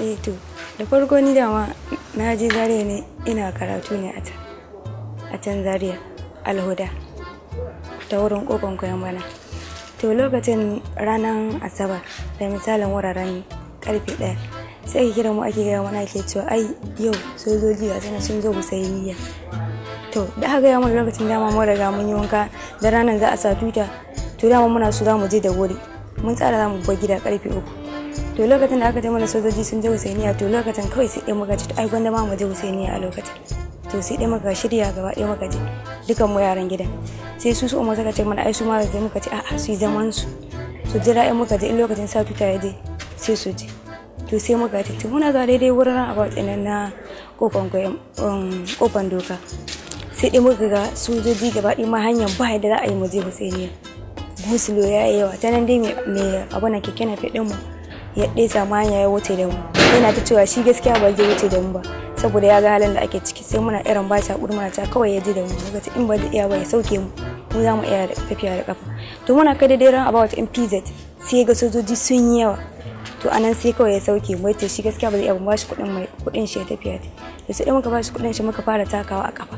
eh da farko ni dama na je zariya ne ina karatu ne a can zariya alhuda ta wurin kokon koyon bana to lokacin ranar asabar da misalin wuraren karfe ɗaya sai ake kira mu ake gaya mana ke cewa ai yau sojoji a sana sun zo musayi niyya to da aka gaya mana lokacin dama mu riga mun yi wanka da ranar za a sa tuta to dama muna su za mu je da wuri mun tsara za mu bar gida karfe uku to lokacin da aka je mana sojoji sun je husainiya to lokacin kawai sai dai muka ci ai gwanda ma mu je husainiya a lokacin to sai dai muka shirya gaba ɗaya muka je dukan mu yaran gidan sai su su umar suka ce mana ai su ma zai muka ce a'a su yi zaman su su jira ɗaya muka je in lokacin sa tuta ya je sai su je to sai muka ce tun muna zuwa daidai wurin a ba na kofan um, doka sai dai muka ga sojoji gaba ɗaya ma hanyar ba da za a yi mu je husainiya gosulo ya yi yawa ta nan dai mai abu na keke na fi mu ya ɗesa manya ya wuce da mu yana ta cewa shi gaskiya ba zai wuce da mu ba saboda ya ga halin da ake ciki sai muna irin ba ta kurma ta kawai ya ji da mu daga in ba da iya ba ya sauke mu mu za mu iya tafiya da kafa to muna kai daidai ran about MPZ sai ga sojoji sun yi yawa to anan sai kawai ya sauke mu ita shi gaskiya ba zai iya ba shi kuɗin mai kuɗin shi ya tafiya ta da su muka ba shi kuɗin shi muka fara takawa a kafa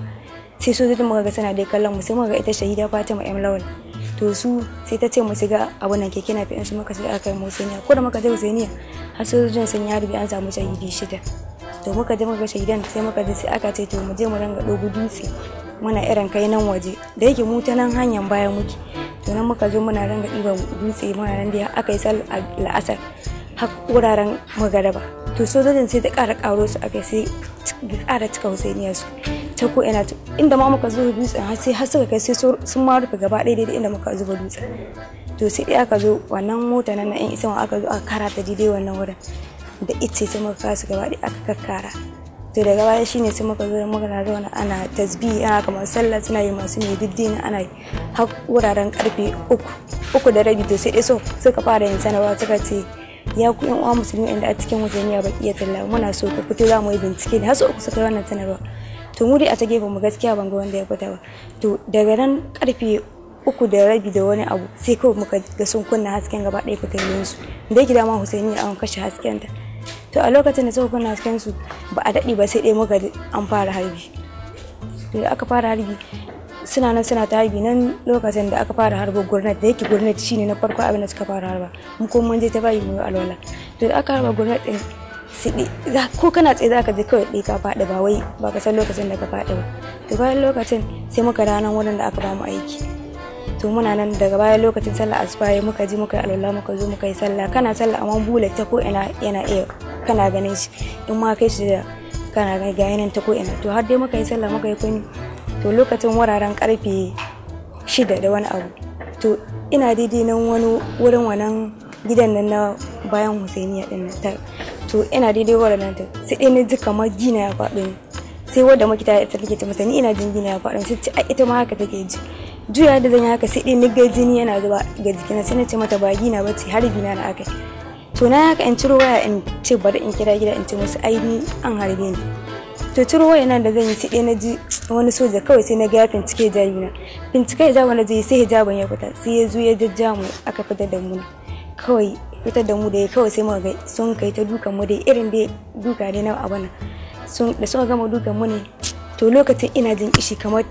sai sojojin muka ga suna dai kallon mu sai muka ga ita shahida Fatima M Lawal to su sai ta ce mu shiga a nan keke na fi'in su maka shiga aka yi Hussainiya ko da muka je Hussainiya har jin sun ya rubi an samu shahidi shida to muka je muka shahidan sai muka je sai aka ce to mu je mu ranga dogo dutse muna irin kai nan waje da yake mu ta nan hanyar baya muke to nan muka zo muna ranga ɗiban dutse muna nan da aka yi sal la'asar har wuraren magaraba to sojojin sai ta ƙara ƙaro su aka sai ƙara cika Hussainiya su ta ko ina inda ma muka zuba dutsen har sai har suka kai sai sun ma rufe gaba ɗaya daidai inda muka zuba dutsen to sai dai aka zo wannan mota nan na yan isa aka zo aka kara ta daidai wannan wurin da ita sai muka kasu gaba ɗaya aka kakkara to daga baya shine sai muka zo muka na zauna ana tasbihi ana kamar sallah suna yi masu ne diddini ana har wuraren karfe uku uku da rabi to sai dai so suka fara yin sanarwa suka ce ya ku yan uwa musulmi inda a cikin wajen ya baki ya talla muna so ku fito za mu yi bincike da har uku suka yi wannan sanarwa to mu dai a ta gefe mu gaskiya ban ga wanda ya fita ba to daga nan karfe uku da rabi da wani abu sai kawai muka ga sun kunna hasken gaba ɗaya fitilun su da gida ma Husaini an kashe hasken ta to a lokacin da suka kunna hasken su ba a daɗe ba sai dai muka an fara harbi to da aka fara harbi suna nan suna ta harbi nan lokacin da aka fara harba gurnat da yake gurnat shine na farko abin da suka fara harba mun kuma mun je ta bayi mu alwala to da aka harba gurnat din siɗi ko kana tsaye za ka je kawai ɗi ka faɗi ba wai ba ka san lokacin da ka faɗi ba to bayan lokacin sai muka ranar wurin da aka ba mu aiki to muna nan daga bayan lokacin sallah asfaye muka ji muka yi alwala muka zo muka yi sallah kana sallah amma bullet ta ko ina yana iya kana ganin shi in ma kai shi kana ga yanan ta ko ina to har dai muka yi sallah muka yi kuni to lokacin wuraren karfe shida da wani abu to ina daidai nan wani wurin wannan gidan nan na bayan husainiya din nan to ina daidai wa nan ta sai dai na ji kamar gina ya faɗo ne sai wadda makita ta take ta masa ni ina jin gina ya faɗo ne sai ce ai ita ma haka take ji juya da zan yi haka sai dai na ga jini yana zuba ga jikina sai na ce mata ba gina ba ce har gina na aka to na haka in ciro waya in ce bari in kira gida in ce musu ai ni an harbe ni to ciro waya nan da zan yi sai dai na ji wani soja kawai sai na ga cike jari na bincike hijabin da zai sai hijabin ya fita sai ya zo ya jajja mu aka fita da mu kawai fitar da mu da kawai sai mu gai sun kai ta dukan mu da irin dai duka ne na abana sun da suka gama dukan mu ne to lokacin ina jin kishi kamar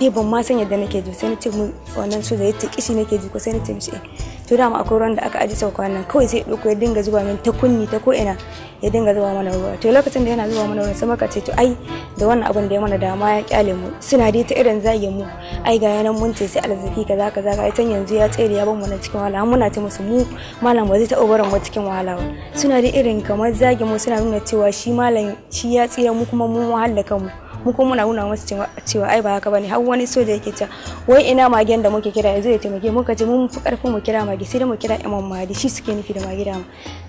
dai ban ma san yadda nake ji sai na ce mu wannan su da yace kishi nake ji ko sai na ce mishi eh, to dama akwai ruwan da aka aji sau kwanan kawai sai ɗauko ya dinga zuba min ta kunni ta ko ina ya dinga zuba mana ruwa to lokacin da yana zuba mana ruwa sai muka ce to ai da wannan abin da ya mana dama ya kyale mu suna dai ta irin zagin mu ai ga yanan mun ce sai arziki kaza kaza ga tan yanzu ya tsere ya ban mu na cikin wahala na ta musu mu malam ba zai taɓa barin mu cikin wahala ba suna dai irin kamar zagin mu suna nuna cewa shi malam shi ya tsira mu kuma mu mu hallaka mu mu kuma muna nuna masu cewa ai ba haka bane har wani soja yake ta wai ina magen da muke kira yanzu ya taimake muka kace mun fi karfin mu kira mage sai dai mu kira imam mahadi shi suke nufi da mage dama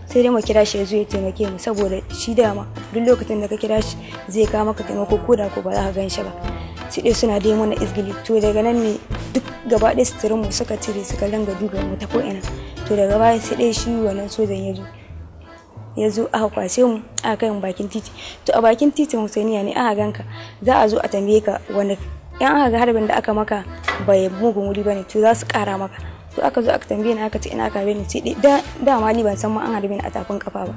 sai dai mu kira shi yanzu ya taimake mu saboda shi dama duk lokacin da ka kira shi zai kawo maka taimako ko da ko ba za ka gan shi ba sai dai suna dai mana izgili to daga nan ne duk gaba ɗaya suturin mu suka cire suka langa duga mu ta ko ina to daga baya sai dai shi wannan sojan ya zo ya zo aka kwace mu aka kai mu bakin titi to a bakin titin husainiya ne aka ganka za a zo a tambaye ka wani yan aka ga harbin da aka maka bai mugun wuri bane to za su kara maka to aka zo aka tambaye ni aka ce ina ka ni sai da dama ni ban san ma an harbin ni a tafin kafa ba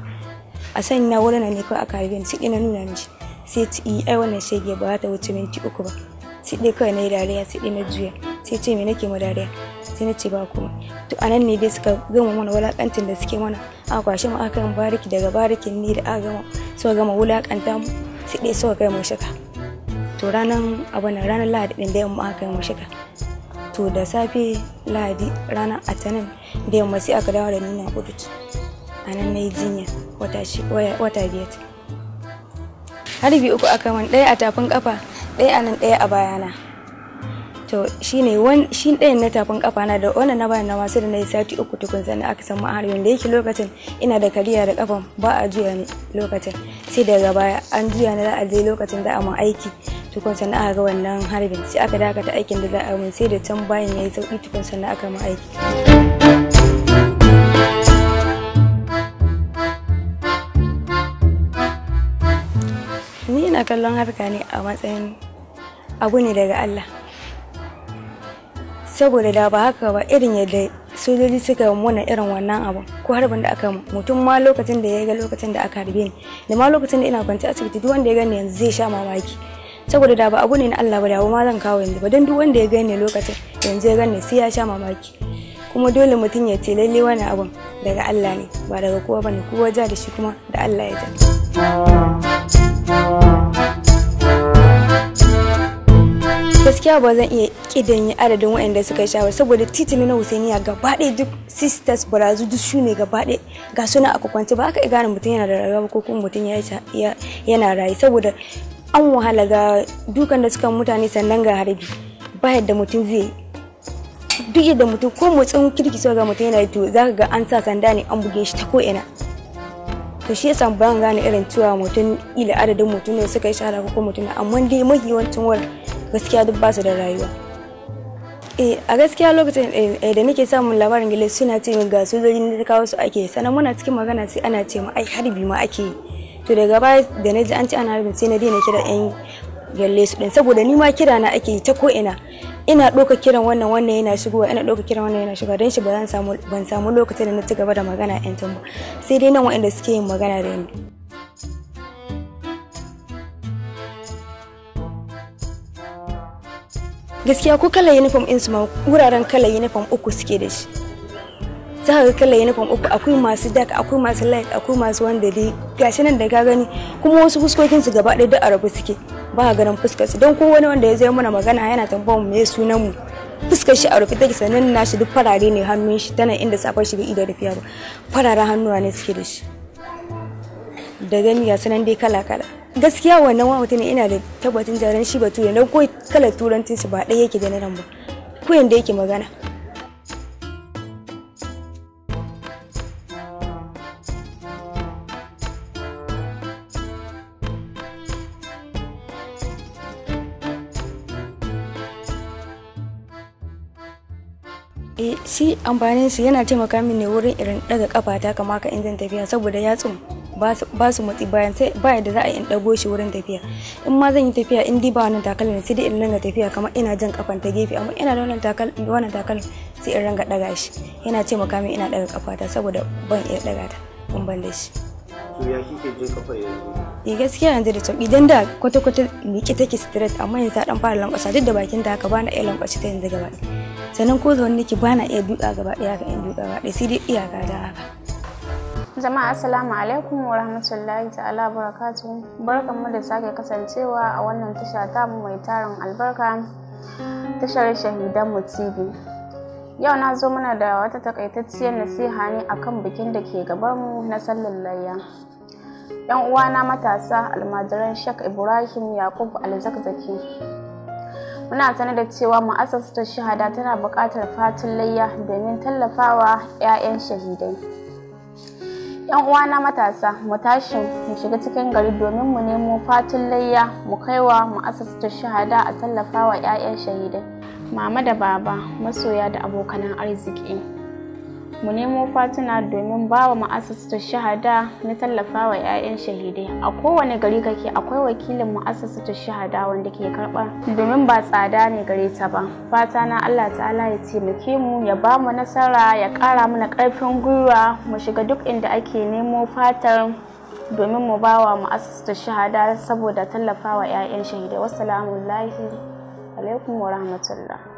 a san na wurin ne kawai aka harbin ni dai na nuna mishi sai ci yi ai wannan shege ba ta wuce minti uku ba sai dai kawai na yi dariya sai dai na juya sai ce me nake ma dariya sai na ce ba kuma to a nan ne dai suka gama mana wulakancin da suke mana a kwashe mu aka bariki daga barikin ni da aka gama suka gama wulakanta mu su ɗaya suka kai mu shika to ranar abin ranar lahadi din da yamma aka kai mu shika to da safe lahadi ranar atanin da yamma sai aka dawo da nuna na kudut a nan na yi jinya wata biyar bi uku aka man ɗaya a tafin kafa ɗaya a nan ɗaya a bayana to shine wani shi ɗayan na tafin kafa na da wannan na bayan na wasu da na yi sati uku tukun sannan aka samu har da yake lokacin ina da kariya da kafa ba a juya ni lokacin sai daga baya an juya ni za a je lokacin da a ma aiki tukun sannan aka ga wannan harbin sai aka dakata aikin da za a mun sai da can bayan ya yi sauki tukun sannan aka ma aiki ni ina kallon harka ne a matsayin abu ne daga Allah saboda da ba haka ba irin yadda sojoji suka muna irin wannan abu ko harbin da aka mutum ma lokacin da ya ga lokacin da aka harbe ni da ma lokacin da ina kwanci asibiti duk wanda ya gani yanzu zai sha mamaki saboda da ba abu ne na Allah ba da ma zan kawo yanzu ba don duk wanda ya gani lokacin yanzu ya gani sai ya sha mamaki kuma dole mutum ya ce lalle wani abun daga Allah ne ba daga kowa bane kowa ja da shi kuma da Allah ya ja. gaskiya ba zan iya kidan adadin waɗanda suka sha ba saboda titin na Husainiya gaba ɗaya duk sisters barazu duk su ne gaba ɗaya ga suna a kwakwanci ba aka gane mutum yana da rayuwa ko kuma mutum yana rayu saboda an wahala ga dukan da suka mutane sannan ga harbi ba yadda mutum zai duk yadda mutum ko motsin kirki ga mutum yana to za ga an sa sanda ne an buge shi ta ko ina to shi yasa ban gane irin cewa mutum ila adadin mutum ne suka yi shahara ko mutum amma dai mahi yawancin wani gaskiya duk ba su da rayuwa eh, a gaskiya lokacin eh, eh, da nake samun labarin gile suna ce min ga sojojin da kawo su ake sanan muna cikin magana sai ana ce mu ai harbi ma ake to daga baya da na ji an ce ana harbin sai na daina kira yan gyalle su din saboda ni ma kira na ake ta ko ina ina ɗauka kiran wannan wannan yana shigowa ina ɗauka kiran wannan yana shigowa don shi ban samu lokacin da na ci gaba da magana yan tambu sai dai nan waɗanda suke yin magana da ni gaskiya ko kala uniform din su ma wuraren kala uniform uku suke da shi za ka ga uniform uku akwai masu dark akwai masu light akwai masu wanda dai gashi nan da ka gani kuma wasu fuskokin su gaba ɗaya duk a rabu suke ba ka ganin fuskar su don ko wani wanda ya zai mana magana yana tambayar mu me sunan mu fuskar shi a rufe take sanin nashi duk farare ne hannun shi tana inda safar shi bai ido rufiya ba fararen hannuwa ne suke da shi da gani ga sanan dai kala kala gaskiya wannan wahauta ne ina da tabbatin jaran shi bature na ko kalar turancin shi ba ɗaya yake da na ba ko yanda yake magana eh, shi amfanin shi yana taimaka min ne wurin irin daga kafata kamar ka in tafiya saboda yatsun ba su motsi bayan sai ba yadda za a yi in dago shi wurin tafiya in ma zan yi tafiya in di ba wannan takalmin sai dai in ranga tafiya kamar ina jan kafan ta gefe amma ina da wannan takalmin sai in ranga daga shi yana ce makamin ina daga kafata saboda ban iya daga ta in ban da shi ya eh, gaskiya yanzu da sauki don da kwata kwata miki take stress amma yanzu ta dan fara lankwasa duk da bakin ta haka ba na iya lankwasa ta yanzu gaba sannan ko zaune nake ba na iya duka gaba ɗaya ka in duka gaba ɗaya sai dai iyaka da haka Jama'a assalamu alaikum wa rahmatullahi ta'ala barakatu barkanmu da sake kasancewa a wannan tasha tamu mai tarin albarka tashar shahidanmu TV. Yau na zo mana da wata takaitacciyar nasiha ne akan bikin da ke gabanmu na sallar layya. Yan uwana matasa almajiran Sheikh Ibrahim Yakub Alzakzaki. Muna sanar da cewa ma'asasar shahada tana buƙatar fatin layya domin tallafawa 'ya'yan shahidai. yan uwa na matasa mu tashi mu shiga cikin gari domin mu nemo fatin layya mu kaiwa mu asasata shahada a tallafa wa 'ya'yan shahidai mama da baba masoya da abokanan arziki mu nemo fatina domin ba wa ma'asasar shahada na tallafa wa 'ya'yan shahidai a kowane gari kake akwai wakilin ma'asasar shahada wanda ke karɓa domin ba tsada ne gare ta ba fata na allah ta'ala ya taimake mu ya ba mu nasara ya kara mana karfin gwiwa mu shiga duk inda ake nemo fatar domin mu ba wa ma'asasar shahada saboda tallafa wa 'ya'yan shahidai wassalamu alaikum wa rahmatullah